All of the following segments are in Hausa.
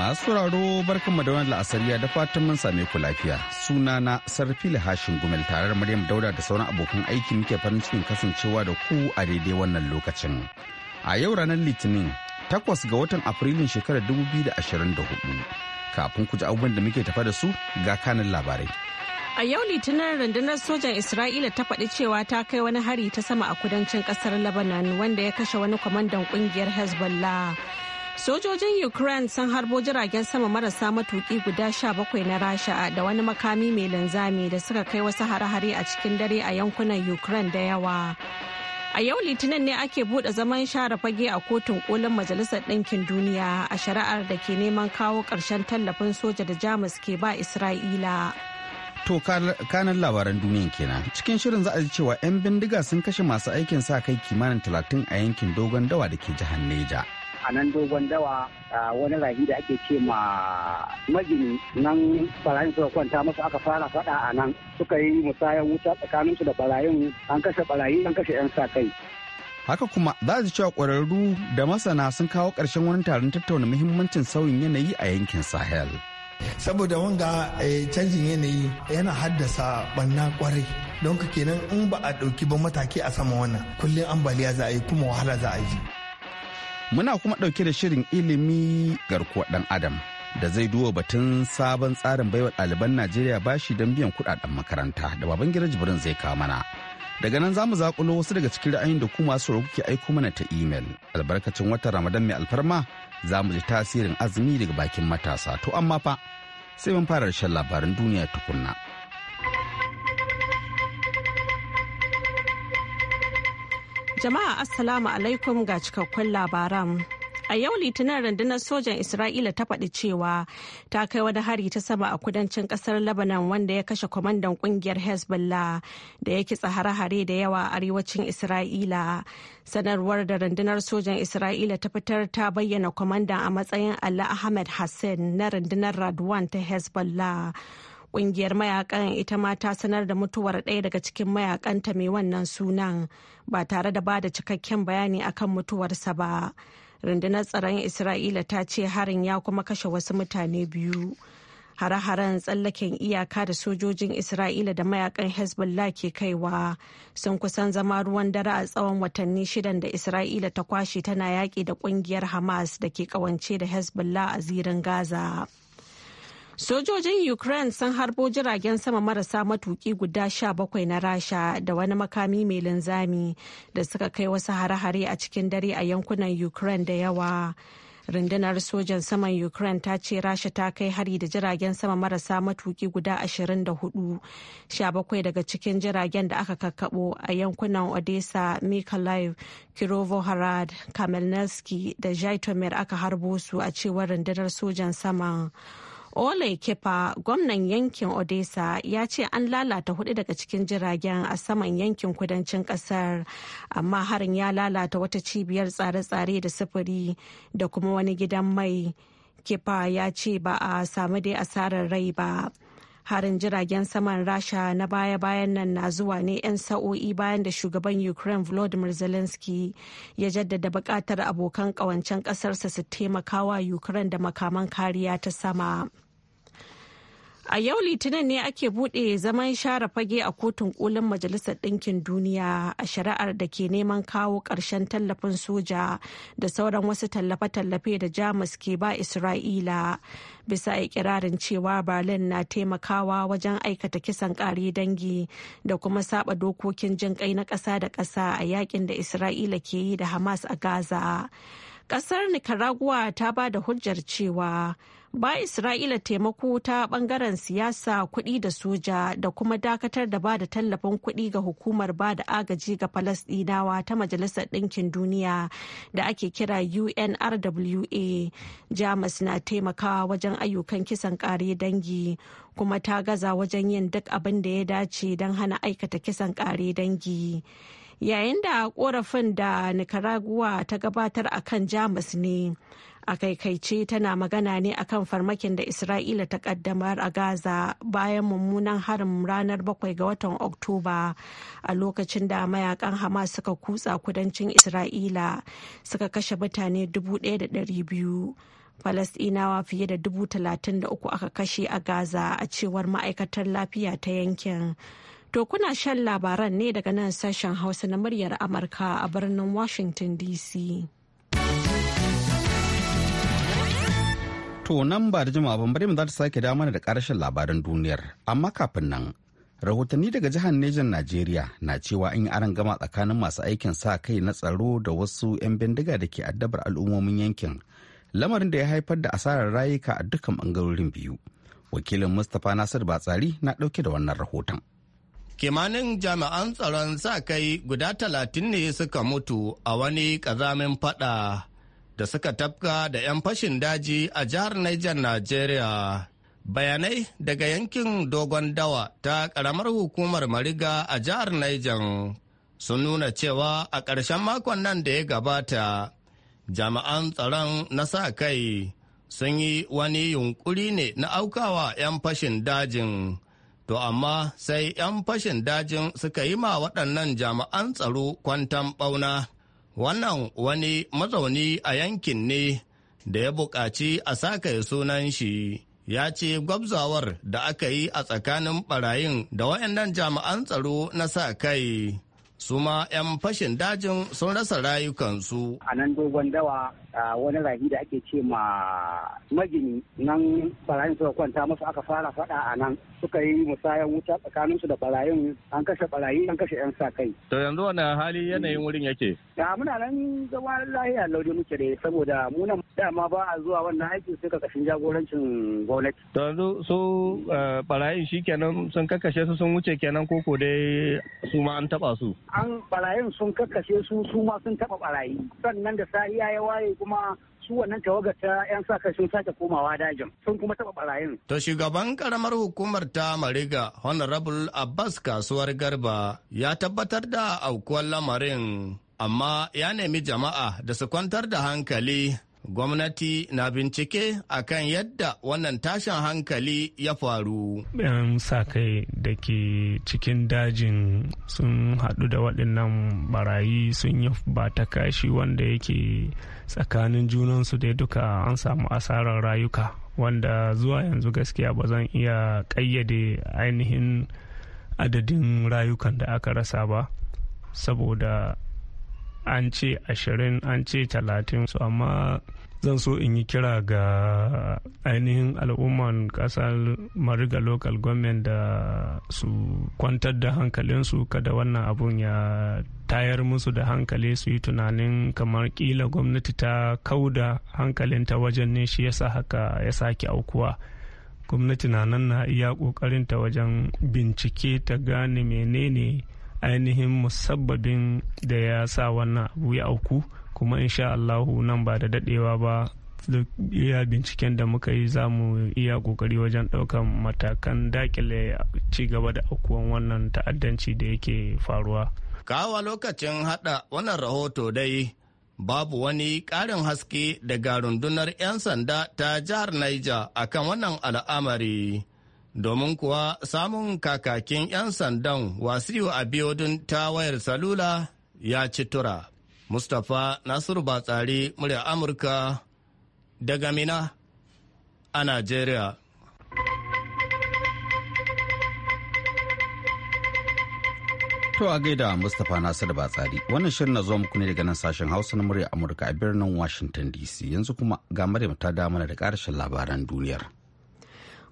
masu sauraro barkanmu da wani la'asariya da fatan mun same ku lafiya suna na sarfi hashin gumel tare da maryam dauda da sauran abokan aiki muke farin cikin kasancewa da ku a daidai wannan lokacin a yau ranar litinin takwas ga watan afrilun shekarar 2024 kafin ku ji abubuwan da muke tafa da su ga kanin labarai A yau litinin rundunar sojan Isra'ila ta faɗi cewa ta kai wani hari ta sama a kudancin ƙasar Lebanon wanda ya kashe wani kwamandan ƙungiyar Hezbollah. Sojojin Ukraine sun harbo jiragen sama marasa matuki guda 17 na Rasha da wani makami mai linzami da suka kai wasu hare-hare a cikin dare a yankunan Ukraine da yawa. A yau Litinin ne ake buɗe zaman share fage a kotun kolin Majalisar Ɗinkin Duniya a shari'ar da ke neman kawo karshen tallafin soja da Jamus ke ba Isra'ila. To kanan labaran duniya kenan cikin shirin za a ji cewa 'yan bindiga sun kashe masu aikin sa kai kimanin talatin a yankin dogon dawa da ke jihar Neja. a nan dogon dawa wani rahi da ake ce ma magini nan barayin suka kwanta masu aka fara faɗa a nan suka yi musayar wuta tsakaninsu da barayin an kashe barayi an kashe 'yan sa kai haka kuma za su cewa ƙwararru da masana sun kawo ƙarshen wani taron tattauna muhimmancin sauyin yanayi a yankin sahel saboda wanga eh, canjin yanayi yana haddasa banna kwarai don ka kenan in ba a ɗauki ba mataki a sama wannan kullum ambaliya za a yi kuma wahala za a yi Muna kuma ɗauke da shirin ilimi garkuwa ɗan Adam da zai duba batun sabon tsarin baiwa ɗaliban Najeriya bashi don biyan kuɗaɗen makaranta da baban gidan jibrin zai kawo mana. Daga nan za mu zaƙulo wasu daga cikin ra'ayin da kuma su kuke aiko mana ta imel. Albarkacin watan Ramadan mai alfarma za mu ji tasirin azumi daga bakin matasa. To amma fa sai mun fara shan labarin duniya tukunna. Jama'a Assalamu alaikum ga cikakkun labaran. A yau Litinin rundunar sojan Isra'ila ta faɗi cewa ta kai wani hari ta sama a kudancin ƙasar Lebanon wanda ya kashe kwamandan ƙungiyar Hezbollah da ya kitsa hare-hare da yawa a arewacin Isra'ila. Sanarwar da rundunar sojan Isra'ila ta fitar ta bayyana kwamandan a matsayin Ali Ahmed Hassan na rundunar Radwan ta Hezbollah Kungiyar mayakan ita ma ta sanar da mutuwar ɗaya daga cikin mayakanta mai wannan sunan ba tare da ba da cikakken bayani akan mutuwarsa ba. Rundunar tsaron Isra'ila ta ce harin ya kuma kashe wasu mutane biyu. hare-haren tsallaken iyaka da sojojin isra'ila da mayakan hezbollah ke kaiwa sun kusan zama ruwan dare a tsawon watanni shidan da isra'ila ta kwashe tana yaƙi da ƙungiyar hamas da ke ƙawance da hezbollah a zirin gaza Sojojin Ukraine sun harbo jiragen sama marasa matuki guda sha bakwai na Rasha da wani makami mai linzami da suka kai wasu hare-hare a cikin dare a yankunan Ukraine da yawa. Rundunar sojan saman Ukraine ta ce Rasha ta kai hari da jiragen sama marasa matuki guda 24, sha bakwai daga cikin jiragen da aka kakkabo a yankunan Odessa, Mykolaiv, Kirovohrad, Kamelnitsky da Zhytomyr aka harbo su a cewar rundunar sojan sama. Ole Kepa, gwamnan yankin Odessa, ya ce an lalata hudu daga cikin jiragen a saman yankin kudancin kasar, amma harin ya lalata wata cibiyar tsare-tsare da sufuri da kuma wani gidan mai. Kepa ya ce ba a samu dai asarar rai ba. harin jiragen saman rasha na baya-bayan nan na zuwa ne 'yan sa'o'i bayan da shugaban ukraine volodymyr zelensky ya jaddada buƙatar abokan kawancen ƙasarsa su taimakawa ukraine da makaman kariya ta sama. A yau Litinin ne ake buɗe zaman share fage a kotun kolin Majalisar Ɗinkin Duniya a shari'ar da ke neman kawo ƙarshen tallafin soja da sauran wasu tallafe-tallafe da Jamus ke ba Isra'ila. Bisa ikirarin cewa Berlin na taimakawa wajen aikata kisan ƙare dangi da kuma saba dokokin jin kai na ƙasa da ƙasa a yakin da Isra'ila ke yi da Hamas a Gaza. kasar Nicaragua ta ba da hujjar cewa ba Isra'ila taimako ta bangaren siyasa kuɗi da soja da kuma dakatar da ba da tallafin kuɗi ga hukumar ba da agaji ga Falasɗinawa ta Majalisar Ɗinkin Duniya da ake kira UNRWA. Jamus na taimakawa wajen ayyukan kisan ƙare dangi kuma ta gaza wajen yin duk abin da ya dace don hana aikata kisan ƙare dangi. yayin da korafin da nicaragua ta gabatar a kan jamus ne a kaikaice tana magana ne akan farmakin da isra'ila ta kaddamar a gaza bayan mummunan harin ranar 7 ga watan oktoba a lokacin da mayakan hamas suka kutsa kudancin isra'ila suka kashe mutane 1,200 falastinawa fiye da dubu aka kashe a Gaza a cewar ma'aikatar lafiya ta yankin To kuna shan labaran ne daga nan sashen Hausa na muryar Amurka a birnin Washington DC. To nan ba da jima'a ban mu za ta sake damar da karashin labaran duniyar. Amma kafin nan, rahotanni daga jihar Nejan Najeriya na cewa an yi aron gama tsakanin masu aikin sa kai na tsaro da wasu 'yan bindiga da ke addabar al'ummomin yankin. Lamarin da ya haifar da asarar rayuka a dukkan bangarorin biyu. Wakilin Mustapha Nasir Batsari na ɗauke da wannan rahoton. kimanin jami'an tsaron sa kai guda talatin ne suka mutu a wani ƙazamin fada da suka tafka da 'yan fashin daji a jihar Niger Najeriya. Bayanai daga yankin Dogon Dawa ta ƙaramar hukumar Mariga a jihar Niger sun nuna cewa a ƙarshen makon nan da ya gabata jami'an tsaron na sa kai sun yi wani yunkuri ne na aukawa 'yan fashin dajin. To amma sai 'yan fashin dajin suka yi ma waɗannan jami'an tsaro kwantan ɓauna. Wannan wani mazauni a yankin ne da ya buƙaci a sakaye sunan shi. ya ce gwabzawar da aka yi a tsakanin ɓarayin da waɗannan jami'an tsaro na sa kai su ma 'yan fashin dajin sun rasa rayukansu. A nan dogon dawa wani rahi da ake ce ma magini nan barayin suka kwanta musu aka fara fada a nan suka yi musayar wuta tsakaninsu da barayin an kashe barayi an kashe 'yan sa kai. To yanzu wani hali yanayin wurin yake? Da muna nan zama lahiya lauje muke da saboda muna dama ba a zuwa wannan aiki sai kashin jagorancin gwamnati. To yanzu su eh, barayin shi kenan sun kakashe su sun wuce kenan koko dai su ma an taba su. an barayin sun kakkashe su su ma sun taba barayi sannan da Sariya ya waye kuma su wannan tawagar ta 'yan sa sun sake komawa dajin sun kuma taba barayin. To shugaban karamar hukumar ta Mariga Honorable Abbas Kasuwar Garba ya tabbatar da aukuwar lamarin amma ya nemi jama'a da su kwantar da hankali gwamnati na bincike a kan yadda wannan tashin hankali ya faru. yan sa kai da ke cikin dajin sun haɗu da waɗannan barayi sun yi ba kashi wanda yake tsakanin junansu da duka an samu asarar rayuka wanda zuwa yanzu gaskiya ba zan iya ƙayyade ainihin adadin rayukan da aka rasa ba saboda an ce ashirin an ce talatin su amma zan so in yi kira ga ainihin al'umman kasar mariga local government da su kwantar da hankalinsu kada wannan abun ya tayar musu da hankali su yi tunanin kamar kila gwamnati ta kauda hankalinta wajen ne shi yasa haka ya sake aukuwa gwamnati na nan na iya kokarinta wajen bincike ta gane menene ainihin musabbabin da ya sa wannan abu ya auku kuma insha Allahu nan ba da dadewa ba iya binciken da muka yi za mu iya kokari wajen daukan matakan dakile ci gaba da aukuwan wannan ta'addanci da yake faruwa. kawa lokacin hada wannan rahoto dai babu wani karin haske daga rundunar 'yan sanda ta jihar Niger akan wannan al'amari. domin kuwa samun kakakin 'yan sandan wasiyu a biyodin ta wayar salula ya ci tura. Mustapha Nasiru Batsari murya Amurka daga Mina a Najeriya. To a gaida Mustapha Nasiru Batsari wannan shirin na zuwa muku ne daga nan sashen Hausa na murya Amurka a birnin Washington DC yanzu kuma ga Maryam ta da da ƙarshen labaran duniyar.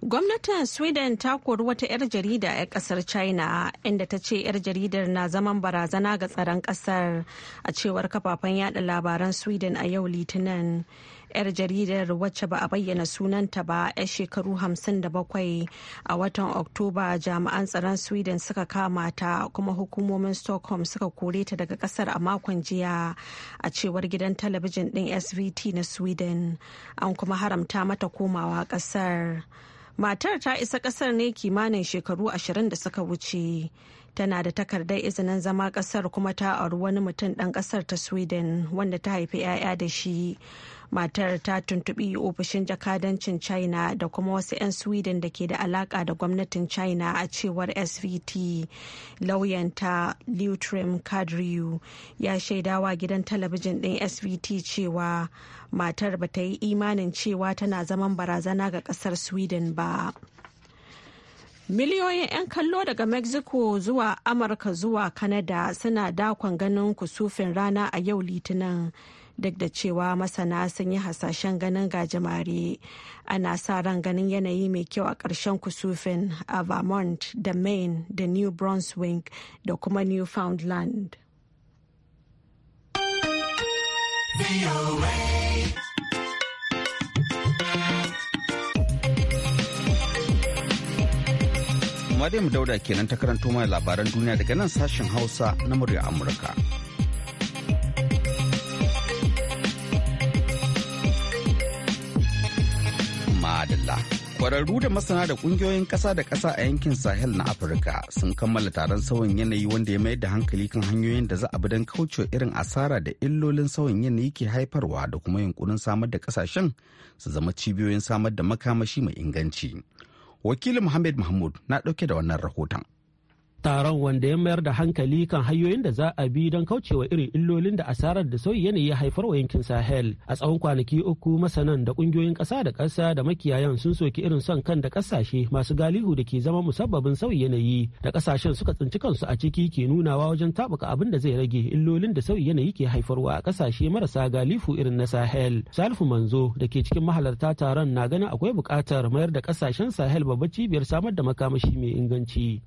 Gwamnatin Sweden ta kori wata 'yar jarida a kasar China inda ta ce 'yar jaridar na zaman barazana ga tsaron kasar a cewar kafafen yada labaran Sweden a yau Litinin. 'Yar jaridar wacce ba a bayyana sunanta ba 'yar shekaru 57 a watan Oktoba jami'an tsaron Sweden suka kama ta kuma hukumomin Stockholm suka kore ta daga kasar a makon jiya a cewar gidan talabijin din SVT na Sweden an kuma haramta mata komawa kasar. matar ta isa kasar ne kimanin shekaru ashirin da suka wuce tana da takardar izinin zama kasar kuma ta auri wani mutum dan kasar ta sweden wanda ta haifi 'ya'ya da shi matar ta tuntubi ofishin jakadancin china da kuma wasu 'yan sweden da ke da alaka da gwamnatin china a cewar svt lauyanta lutrim kadriu ya shaidawa gidan talabijin din svt cewa matar ba ta yi imanin cewa tana zaman barazana ga kasar sweden ba Miliyoyin 'yan kallo daga Mexico zuwa Amurka zuwa Canada suna dakon ganin kusufin rana a yau Litinin duk da cewa masana sun yi hasashen ganin gajimare ana sa ran ganin yanayi mai kyau a ƙarshen kusufin a vermont da maine da new brunswick da kuma newfoundland Maryam Dauda kenan ta karanto mana labaran duniya daga nan sashen Hausa na murya Amurka. Madalla. Kwararru da masana da kungiyoyin ƙasa da ƙasa a yankin Sahel na Afirka sun kammala taron sauyin yanayi wanda ya mayar da hankali kan hanyoyin da za a bi don kaucewa irin asara da illolin sauyin yanayi ke haifarwa da kuma yunkurin samar da ƙasashen su zama cibiyoyin samar da makamashi mai inganci. Wakilin Muhammad Mahmud na ɗauke da wannan rahoton. taron wanda ya mayar da hankali kan hanyoyin da za a bi don kaucewa irin illolin da asarar da sauyi yanayi ya haifar wa yankin sahel a tsawon kwanaki uku masanan da kungiyoyin ƙasa da ƙasa da makiyayan sun soki irin son kan da ƙasashe masu galihu da ke zama musabbabin sauyi yanayi da ƙasashen suka tsinci kansu a ciki ke nunawa wajen tabuka abin da zai rage illolin da sauyi yanayi ke haifarwa a ƙasashe marasa galihu irin na sahel salifu manzo da ke cikin mahalarta taron na ganin akwai buƙatar mayar da ƙasashen sahel babba cibiyar samar da makamashi mai inganci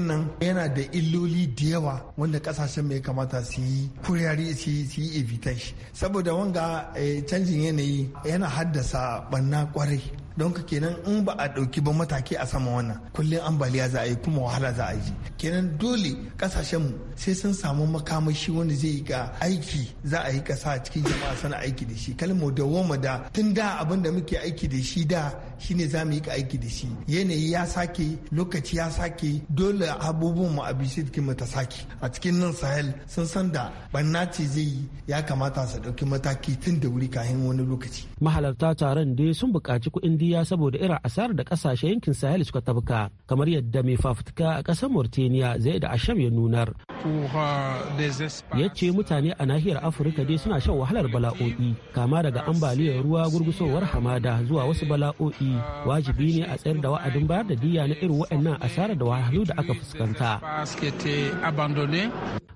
din nan yana da illoli da yawa wanda kasashen mai kamata su yi kuriyari su yi evitan saboda wanga eh, canjin yanayi yana haddasa barna kwarai don ka kenan in ba a ɗauki ba mataki a sama wannan kullum ambaliya za a yi kuma wahala za a yi kenan dole kasashen mu sai sun samu makamashi wanda zai yi ga aiki za a yi ƙasa cikin jama'a sana aiki da shi kalmo da woma da tun da abin da muke aiki da shi da shine za mu yi aiki da shi yanayi ya sake lokaci ya sake dole abubuwan mu a bishiyar cikin ta sake a cikin nan sahel sun san da bannaci zai yi ya kamata su ɗauki mataki tun da wuri kafin wani lokaci mahalarta taron dai sun buƙaci kuɗin diya saboda irin asarar da kasashe yankin sahel suka tabka kamar yadda mai fafutuka a kasar mauritania zai da asham ya nunar ya ce mutane a nahiyar afirka dai suna shan wahalar bala'o'i kama daga ambaliyar ruwa gurgusowar hamada zuwa wasu bala'o'i wajibi ne a tsayar da wa'adin bayar da diya na irin waɗannan asarar da wahalhalu da aka fuskanta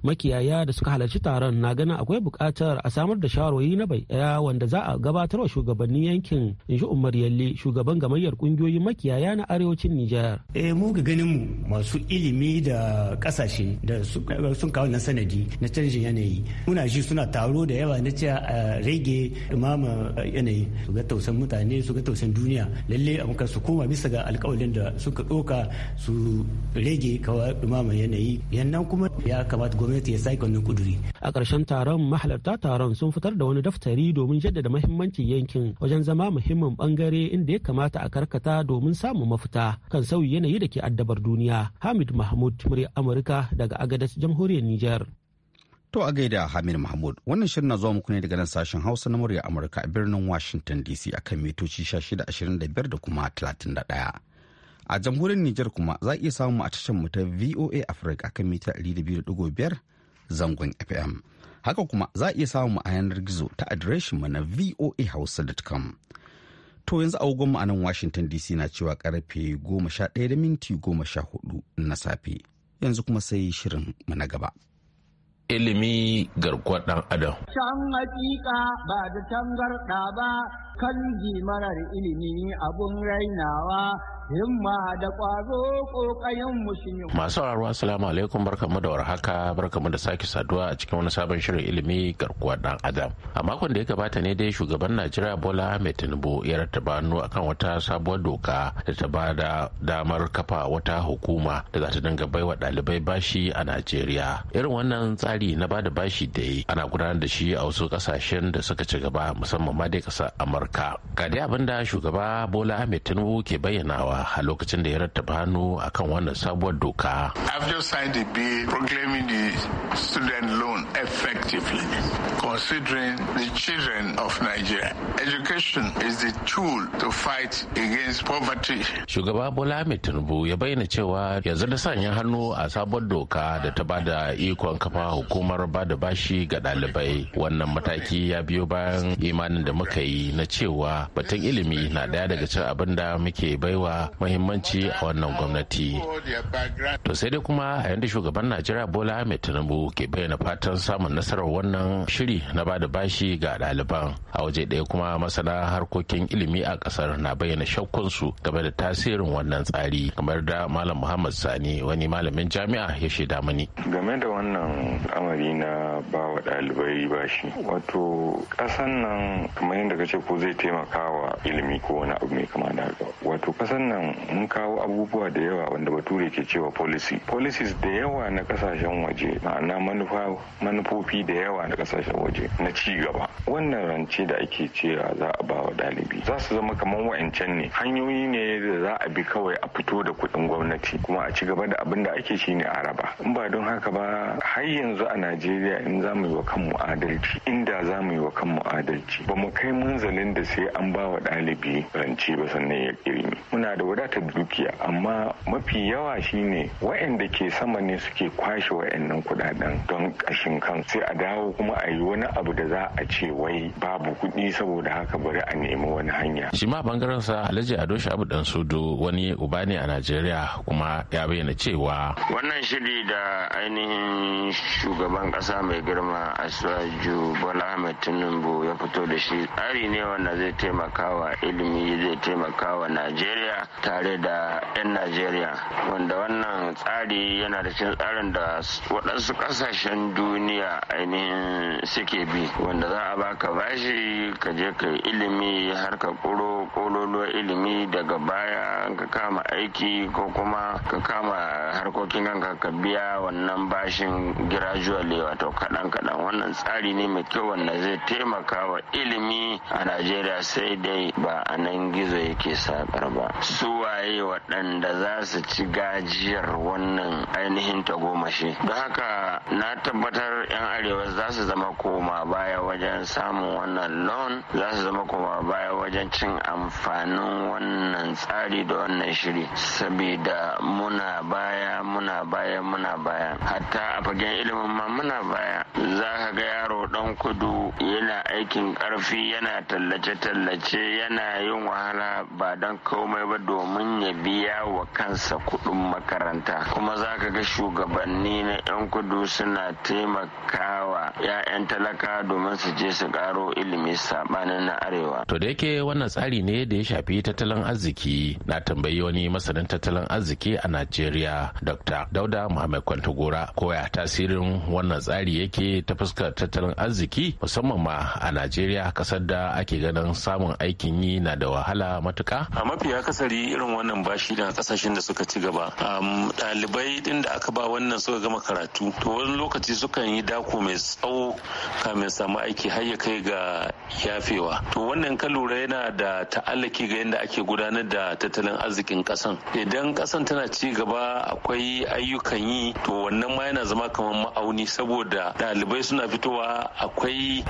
makiyaya da suka halarci taron na ganin akwai bukatar a samar da shawarwari na bai daya wanda za a gabatar wa shugabannin yankin in ji umar yalle shugaban gamayyar kungiyoyin makiyaya na arewacin Nijar. Eh mu ga ganin mu masu ilimi da kasashe da sun kawo na sanadi na canjin yanayi. Muna ji suna taro da yawa na ce a rage dumama yanayi su ga tausan mutane su ga tausan duniya lalle amka su koma bisa ga alkawalin da suka ɗoka su rage kawo dumama yanayi yannan kuma ya kamata gwamnati ya sake wannan kuduri. A ƙarshen taron mahalarta taron sun fitar da wani daftari domin jaddada mahimmancin yankin wajen zama muhimmin bangare da ya kamata a karkata domin samun mafita kan sauyi yanayi da ke addabar duniya. Hamid Mahmud murya Amurka daga Agadas Jamhuriyar Nijar. To a gaida Hamid Mahmud wannan shirin na zuwa muku ne daga nan sashen Hausa na murya Amurka a birnin Washington DC akan mitoci 1625 da kuma 31. A jamhuriyar Nijar kuma za a iya samu a tashar mu ta VOA Africa akan mita 200.5 zangon FM. Haka kuma za a iya samun a yanar gizo ta adireshin mu na voahausa.com. To yanzu agogon mu a nan Washington DC na cewa karfe ɗaya da minti goma sha hudu na safe. Yanzu kuma sai shirin mu na gaba. Ilimi garkuwar ɗan adam. Can hakika ba da tangarɗa ba kanji marar ilimi abun rainawa himma da ƙwazo ƙoƙayen musulmi. Masu sauraro assalamu alaikum barkamu da warhaka barkamu da sake saduwa a cikin wani sabon shirin ilimi garkuwar dan adam. A makon da ya gabata ne dai shugaban Najeriya Bola Ahmed Tinubu ya rattaba hannu kan wata sabuwar doka da ta ba da damar kafa wata hukuma da za ta dinga baiwa ɗalibai bashi a Najeriya. Irin wannan tsari na bada bashi da ana gudanar da shi a wasu ƙasashen da suka ci gaba musamman ma dai kasar Amurka. amurka ga dai abin da shugaba bola ahmed tinubu ke bayyanawa a lokacin da ya rattaba hannu akan wannan sabuwar doka i've just signed a bill proclaiming the student loan effectively considering the children of nigeria education is the tool to fight against poverty shugaba bola ahmed tinubu ya bayyana cewa yanzu da sanya hannu a sabuwar doka da ta bada ikon kafa hukumar ba da bashi ga ɗalibai wannan mataki ya biyo bayan imanin da muka yi na cewa batun ilimi na daya daga cikin abin da muke baiwa muhimmanci a wannan gwamnati to sai dai kuma a yanda shugaban najeriya bola ahmed tinubu ke bayyana fatan samun nasarar wannan shiri na bada bashi ga ɗaliban a waje ɗaya kuma masana harkokin ilimi a ƙasar na bayyana shakkunsu game da tasirin wannan tsari kamar da malam muhammad sani wani malamin jami'a ya shaida mani game da wannan amari na ba wa ɗalibai bashi wato ƙasan nan kamar yadda kace ko zai taimaka wa ilimi ko wani abu mai kama da haka wato kasan nan mun kawo abubuwa da yawa wanda bature ke cewa policy policies da yawa na kasashen waje ma'ana manufofi da yawa na kasashen waje na ci gaba wannan rance da ake cewa za a ba wa ɗalibi za su zama kamar wa'ancan ne hanyoyi ne da za a bi kawai a fito da kuɗin gwamnati kuma a ci gaba da abin da ake shi ne a raba in ba don haka ba har yanzu a najeriya in za mu yi wa kanmu adalci inda za mu yi wa kanmu adalci ba mu kai munzalin da sai an ba wa ɗalibi rance ba sannan ya ƙirimi muna da wadatar dukiya amma mafi yawa shine waɗanda ke sama ne suke kwashe waɗannan kuɗaɗen don ƙashin kan sai a dawo kuma a yi wani abu da za a ce wai babu kuɗi saboda haka bari a nemi wani hanya shi ma bangaren sa alhaji ado shabu dan sudo wani uba ne a najeriya kuma ya bayyana cewa wannan shiri da ainihin shugaban ƙasa mai girma asuwaju bola ahmed tinubu ya fito da shi tsari ne wanda wanda zai taimaka wa ilimi zai taimaka wa najeriya tare da 'yan najeriya wanda wannan tsari yana da cikin tsarin da waɗansu ƙasashen duniya ainihin suke bi wanda za a baka bashi ka je ka yi ilimi har ka ƙuro ƙololuwar ilimi daga baya ka kama aiki ko kuma ka kama harkokin kanka ka biya wannan bashin gradually wato kaɗan-kaɗan wannan tsari ne mai kyau wanda zai taimaka wa ilimi a najeriya najeriya sai dai ba a nan gizo yake sakar ba su waye waɗanda za su ci gajiyar wannan ainihin tagomashi don haka na tabbatar 'yan arewa za su zama koma baya wajen samun wannan loan za su zama koma baya wajen cin amfanin wannan tsari da wannan shiri sabida muna baya muna baya muna baya hatta a fagen ilimin ma muna baya za ka ga yaro dan kudu yana aikin karfi yana tallace-tallace yana yin wahala ba don komai ba domin ya biya wa kansa kudin makaranta kuma za ka ga shugabanni na 'yan kudu suna taimakawa 'ya'yan talaka domin su je su karo ilimi sabanin na arewa to da yake wannan tsari ne da ya shafi tattalin arziki na tambayi wani masanin tattalin arziki a najeriya dr dr dauda muhammad kwantagora koya tasirin wannan tsari yake ta fuskar tattalin arziki musamman ma a najeriya kasar da ake ganin samun aikin yi na da wahala matuka a mafi akasari irin wannan bashi da kasashen da suka ci gaba ɗalibai din da aka ba wannan suka gama karatu to wani lokaci sukan yi dako mai tsawo kamin samu aiki har ya kai ga yafewa to wannan ka lura yana da ta'allaki ga yadda ake gudanar da tattalin arzikin kasan idan kasan tana ci gaba akwai ayyukan yi to wannan ma yana zama kamar ma'auni saboda ɗalibai suna fitowa akwai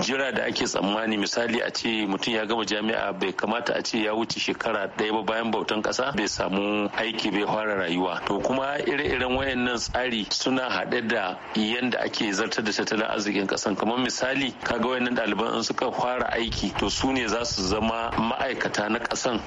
jira da ake tsammani misali a ce mutum ya gama jami'a bai kamata a ce ya wuce shekara ɗaya ba bayan bautan ƙasa bai samu aiki bai fara rayuwa to kuma ire-iren wayannan tsari suna haɗe da yanda ake zartar da tattalin arzikin ƙasan kamar misali kaga wayannan ɗaliban in suka fara aiki to su ne za su zama ma'aikata na ƙasan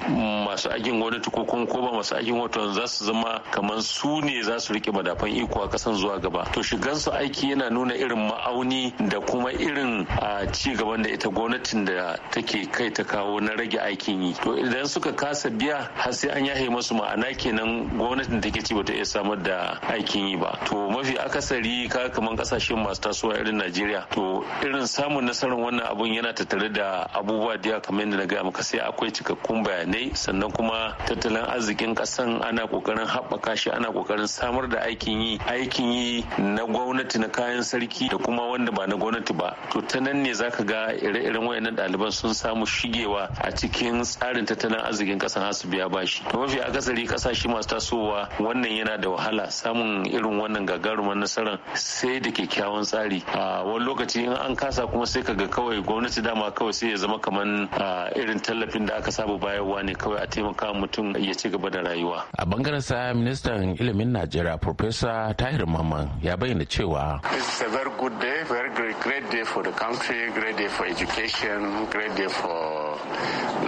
masu aikin gwamnati ko kuma ko ba masu aikin wato za su zama kamar su su ne za su rike madafan iko a kasan zuwa gaba to su aiki yana nuna irin ma'auni da kuma irin a ci gaban da ita gwamnatin da take kai ta kawo na rage aikin yi to idan suka kasa biya har sai an yahe musu ma'ana kenan gwamnatin take ci bata iya samar da aikin yi ba to mafi akasari ka kaman kasashen masu tasowa irin Najeriya to irin samun nasarar wannan abun yana tattare da abubuwa da kamar yadda na gaya maka sai akwai cikakkun bayanai sannan kuma tattalin arzikin kasan ana kokarin haɓaka shi ana kokarin samar da aikin yi aikin yi na gwamnati na kayan sarki da kuma wanda ba na gwamnati ba to ta nan ne zaka ga ire-iren wayannan ɗaliban sun samu shigewa a cikin tsarin tattalin arzikin ƙasa har su biya bashi to mafi akasari ƙasashe masu tasowa wannan yana da wahala samun irin wannan gagarumar nasarar sai da kyakkyawan tsari a wani lokaci in an kasa kuma sai ga kawai gwamnati dama kawai sai ya zama kamar irin tallafin da aka saba bayarwa ne kawai a taimaka mutum ya ci gaba da rayuwa a bangaren sa ministan ilimin najeriya professor tahir maman ya bayyana cewa this is a very good day very great, great day for the country great day for education great day for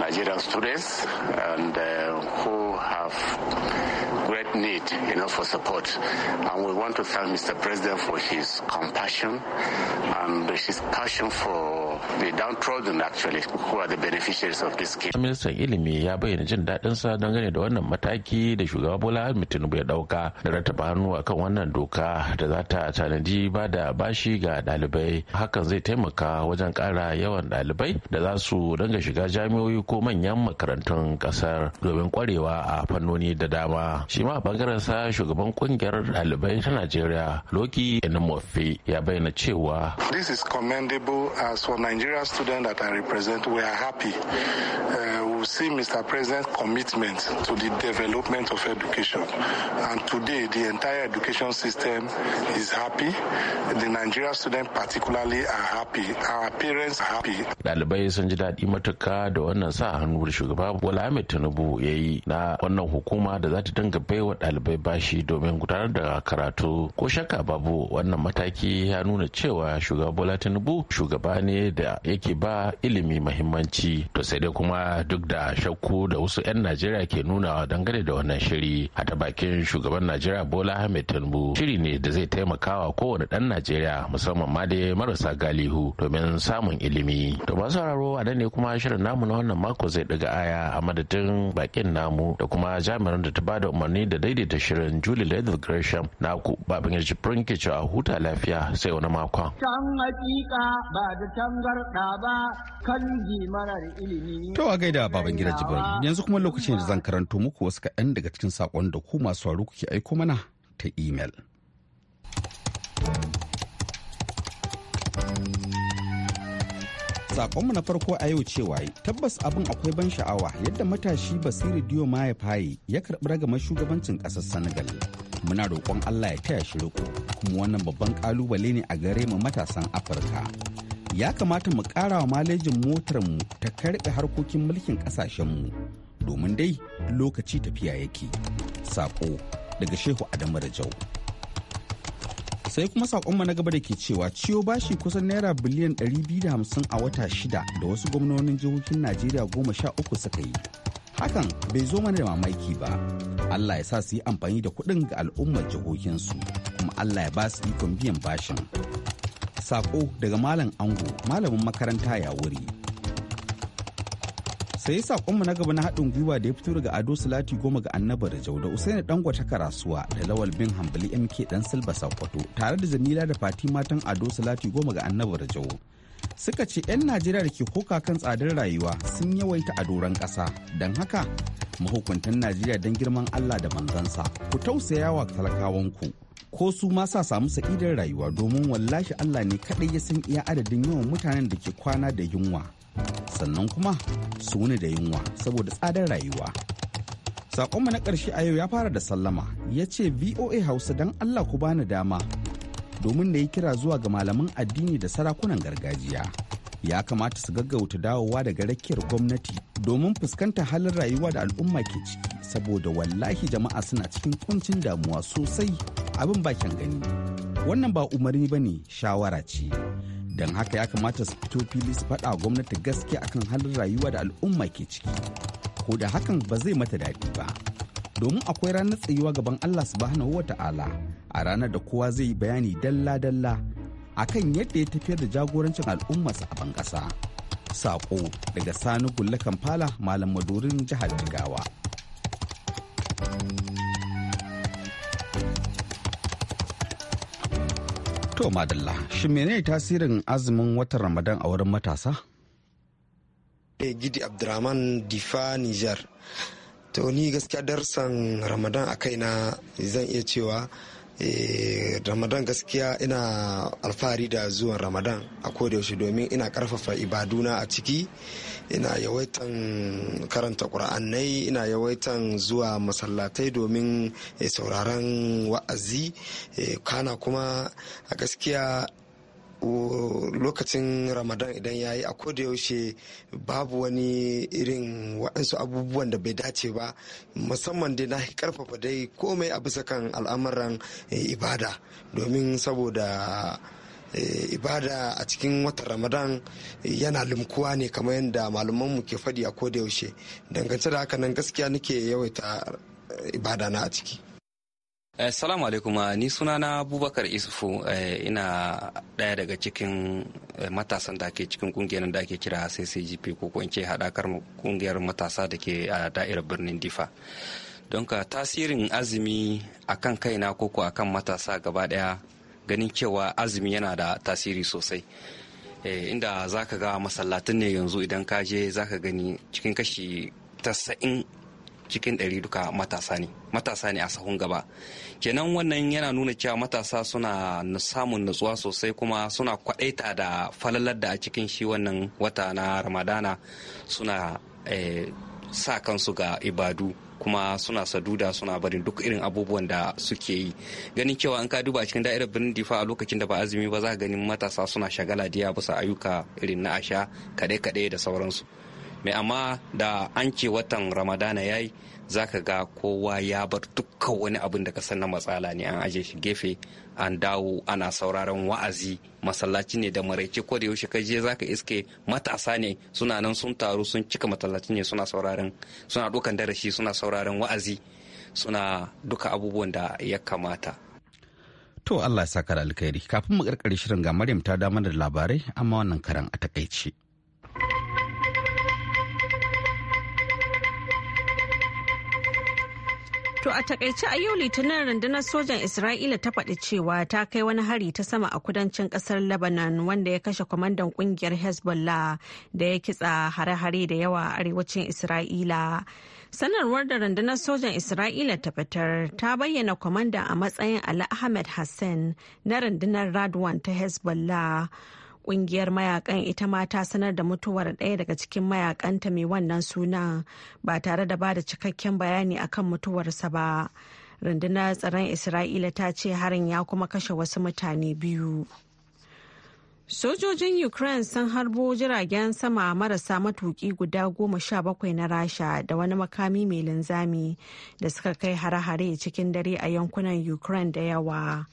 nigerian students and uh, who have need, you know, for support. And we want to thank Mr. President for his compassion and his passion for the downtrodden actually who are the beneficiaries of this scheme. Ministan ilimi ya bayyana jin daɗinsa dangane da wannan mataki da shugaba Bola Ahmed Tinubu ya ɗauka da rattaba hannu kan wannan doka da za ta tanadi ba da bashi ga ɗalibai. Hakan zai taimaka wajen ƙara yawan ɗalibai da za su dinga shiga jami'o'i ko manyan makarantun ƙasar domin ƙwarewa a fannoni da dama. Shi ma a bangaren sa shugaban kungiyar ɗalibai ta Najeriya Loki Enumofe ya bayyana cewa This is commendable as for Nigeria student that I represent we are happy uh, we see Mr. President's commitment to the development of education and today the entire education system is happy the Nigeria students particularly are happy our parents are happy ɗalibai sun ji daɗi matuka da wannan sa hannu da shugaba Bola Ahmed Tinubu ya yi na wannan hukuma da za ta dinga baiwa wa ɗalibai bashi domin gudanar da karatu ko shakka babu wannan mataki ya nuna cewa shugaba bola tinubu shugaba ne da yake ba ilimi mahimmanci to sai dai kuma duk da shakku da wasu 'yan najeriya ke nunawa dangane da wannan shiri a ta bakin shugaban najeriya bola ahmed tinubu shiri ne da zai taimakawa kowane ɗan najeriya musamman ma dai marasa galihu domin samun ilimi to masu sauraro a ne kuma shirin namu na wannan mako zai ɗaga aya a madadin bakin namu da kuma jami'an da ta bada umarni da daidaita shirin juli Leather Gresham na ku. babin ya jibrin ke cewa huta lafiya sai wani makon. Can hakika ba da tangarda ba kan marar ilimi. To a gaida baban gida jibrin yanzu kuma lokacin da zan karanto muku wasu kaɗan daga cikin saƙon da ku masu sauraro kuke aiko mana ta imel. Sakonmu na farko a yau cewa tabbas abin akwai ban sha'awa yadda matashi Basiru Diyo ya faye ya karɓi ragamar shugabancin ƙasar Senegal. Muna roƙon Allah ya taya shi riko kuma wannan babban ƙalubale ne a gare mu matasan Afirka. Ya kamata mu ƙara wa malejin motar mu ta karɓe harkokin mulkin ƙasashen mu domin dai lokaci tafiya yake. Sako daga Shehu Adamu da Jau. sai kuma sakonmu na gaba da ke cewa ciyo bashi kusan naira biliyan 250 a wata shida da wasu gwamnonin jihohin najeriya goma sha uku suka yi hakan bai zo mana da mamaki ba allah ya sa su yi amfani da kuɗin ga al'ummar jihohinsu kuma allah ya ba su ikon biyan bashin sako daga malam ango malamin makaranta ya wuri sai sakonmu na gaba na haɗin gwiwa da ya fito daga ado salati goma ga annabar da jau da usaini gwata karasuwa da lawal bin hambali mk dan silba sakwato tare da jamila da fati matan ado salati goma ga annabar da jau suka ce 'yan najeriya da ke koka kan tsadar rayuwa sun yawaita a doron ƙasa don haka mahukuntan najeriya don girman allah da manzansa ku tausaya wa talakawanku ko su ma sa samu sa'idar rayuwa domin wallashi allah ne kaɗai ya san iya adadin yawan mutanen da ke kwana da yunwa sannan kuma su wuni da yunwa saboda tsadar rayuwa saƙonmu na ƙarshe a yau ya fara da sallama ya ce voa hausa don allah ku bani dama domin da ya kira zuwa ga malaman addini da sarakunan gargajiya ya kamata su gaggauta dawowa daga rakiyar gwamnati domin fuskantar halin rayuwa da al'umma ke ciki saboda wallahi jama'a suna cikin kuncin damuwa sosai abin bakin gani wannan ba umarni ba ne shawara ce don haka ya kamata su fito fili su faɗa gwamnati gaskiya akan halin rayuwa da al'umma ke ciki ko da hakan ba zai mata daɗi ba domin akwai ranar tsayuwa gaban Allah subhanahu wa ta'ala a ranar da kowa zai yi bayani dalla-dalla akan yadda ya tafiyar da jagorancin al'ummarsa a ban ƙasa. Sako daga Sani Gulla Kampala Malam Madorin jihar Jigawa. To madalla, shin menene tasirin azumin watan Ramadan a wurin matasa? Eh Gidi Abdurrahman Difa Nijar. To ni gaskiya darsan Ramadan a kaina zan iya cewa eh, Ramadan gaskiya ina alfahari da zuwan Ramadan a kodayaushe domin ina karfafa ibaduna a ciki. ina yawaitan karanta ƙura'annai ina yawaitan zuwa masallatai domin eh, sauraron wa'azi eh, kana kuma a gaskiya lokacin ramadan idan ya yi a yaushe babu wani irin waɗansu abubuwan da bai dace ba musamman dai na karfafa dai komai a bisa kan al'amuran eh, ibada domin saboda Eh, ibada a cikin watan ramadan eh, yana limkuwa ne kamar yadda malaman mu ke faɗi a koda yaushe dangance da haka nan gaskiya nake yawaita eh, ibada na a ciki salamu alaikum ah, ni na Abubakar Isufu ina ɗaya daga cikin matasan da ke cikin kungiyar da ake kira CCGP ko ko ce haɗakar kungiyar matasa da ke a da'irar birnin Difa. Don ka tasirin azumi akan kaina ko ko akan matasa gaba ɗaya ganin cewa azumi yana da tasiri sosai eh, inda za ka ga masallatun ne yanzu idan ka je za ka gani cikin kashi tasa'in cikin ɗari duka matasa ne matasa ne a sahun gaba kenan wannan yana nuna cewa matasa suna samun nutsuwa sosai kuma suna kwaɗaita da falalar da a cikin shi wannan wata na ramadana suna eh, sa kansu ga ibadu kuma suna saduda suna barin duk irin abubuwan da suke yi ganin cewa an ka duba cikin da'irar birnin difa a lokacin da ba azumi ba za ka ganin matasa suna shagala diya bisa ayyuka irin na asha kaɗe-kaɗe da sauransu mai amma da an ce watan ramadana ya yi za ka ga kowa ya bar dukkan wani abin da ka san na matsala ne an aje shi gefe an dawo ana sauraron wa'azi masallaci ne da maraice ko da yaushe ka je zaka iske matasa ne suna nan sun taru sun cika masallaci ne suna sauraron suna dukan darashi suna sauraron wa'azi suna duka abubuwan da ya kamata to Allah ya saka da alkhairi kafin mu karkare shirin ga Maryam ta damar da labarai amma wannan karan a takaice To a takaice a yau litinin rundunar sojan Isra'ila ta faɗi cewa ta kai wani hari ta sama a kudancin ƙasar Lebanon wanda ya kashe kwamandan ƙungiyar Hezbollah da ya kitsa hare-hare da yawa a arewacin Isra'ila. Sanarwar da rundunar sojan Isra'ila ta fitar ta bayyana kwamandan a matsayin Ali Ahmed Hassan na rundunar Radwan ta Hezbollah. Kungiyar mayakan ita ma ta sanar da mutuwar ɗaya daga cikin mayakanta mai wannan suna ba tare da ba da cikakken bayani akan mutuwarsa ba. Rundunar tsaron Isra'ila ta ce harin ya kuma kashe wasu mutane biyu. Sojojin Ukraine sun harbo jiragen sama marasa matuki guda goma sha bakwai na Rasha da wani makami mai linzami da suka kai hare-hare cikin dare a yankunan Ukraine da yawa.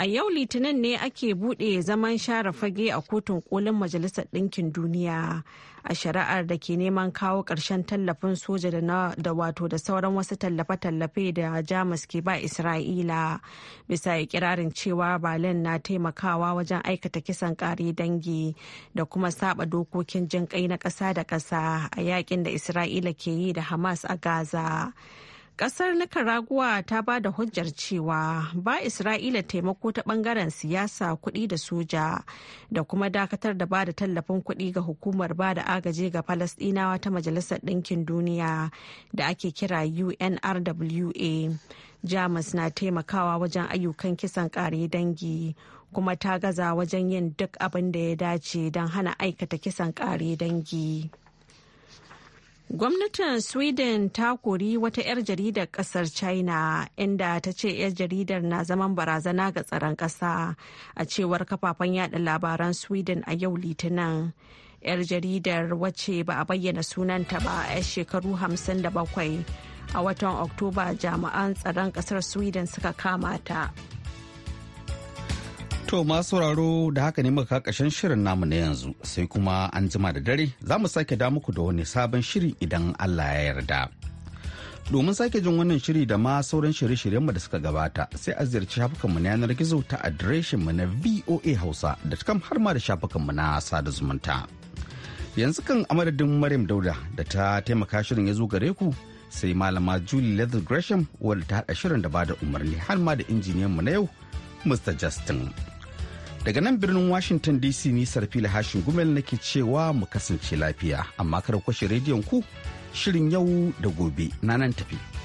A yau Litinin ne ake buɗe zaman share fage a kotun kolin Majalisar Ɗinkin Duniya a shari'ar da ke neman kawo ƙarshen tallafin soja da wato da sauran wasu tallafe-tallafe da Jamus ke ba Isra'ila bisa ikirarin cewa Berlin na taimakawa wajen aikata kisan ƙare dangi da kuma saba dokokin jin na ƙasa da ƙasa a yakin da Isra'ila ke yi da Hamas a Gaza. Kasar Nicaragua ta ba da hujjar cewa ba Isra'ila taimako ta bangaren siyasa kuɗi da soja da kuma dakatar da ba da tallafin kuɗi ga hukumar ba da agaji ga falastinawa ta Majalisar Ɗinkin Duniya da ake kira UNRWA. Jamus na taimakawa wajen ayyukan kisan ƙare dangi. kuma ta gaza wajen yin duk abin da ya dace don hana aikata kisan kare dangi. Gwamnatin Sweden ta kori wata 'yar jaridar kasar China inda ta ce 'yar jaridar na zaman barazana ga tsaron ƙasa a cewar kafafen yada labaran Sweden a yau Litinin. 'Yar jaridar wace ba a bayyana sunanta ba a 'yar shekaru 57 a watan Oktoba jami'an tsaron ƙasar Sweden suka kama ta. To masu sauraro da haka ne muka kashen shirin namu na yanzu sai kuma an jima da dare za mu sake da muku da wani sabon shiri idan Allah ya yarda. Domin sake jin wannan shiri da ma sauran shirye mu da suka gabata sai a ziyarci shafukanmu na yanar gizo ta adireshinmu na VOA Hausa da kam har ma da shafukanmu na sada zumunta. Yanzu kan a madadin Maryam Dauda da ta taimaka shirin ya zo gare ku sai malama Julie Leather Gresham wadda ta haɗa shirin da bada da umarni har ma da injiniyanmu na yau Mr. Justin. Daga nan birnin Washington DC ni Sarfila Hashin Gumel nake cewa mu kasance lafiya, amma kada ku kashe rediyon ku shirin yau da gobe na nan tafi.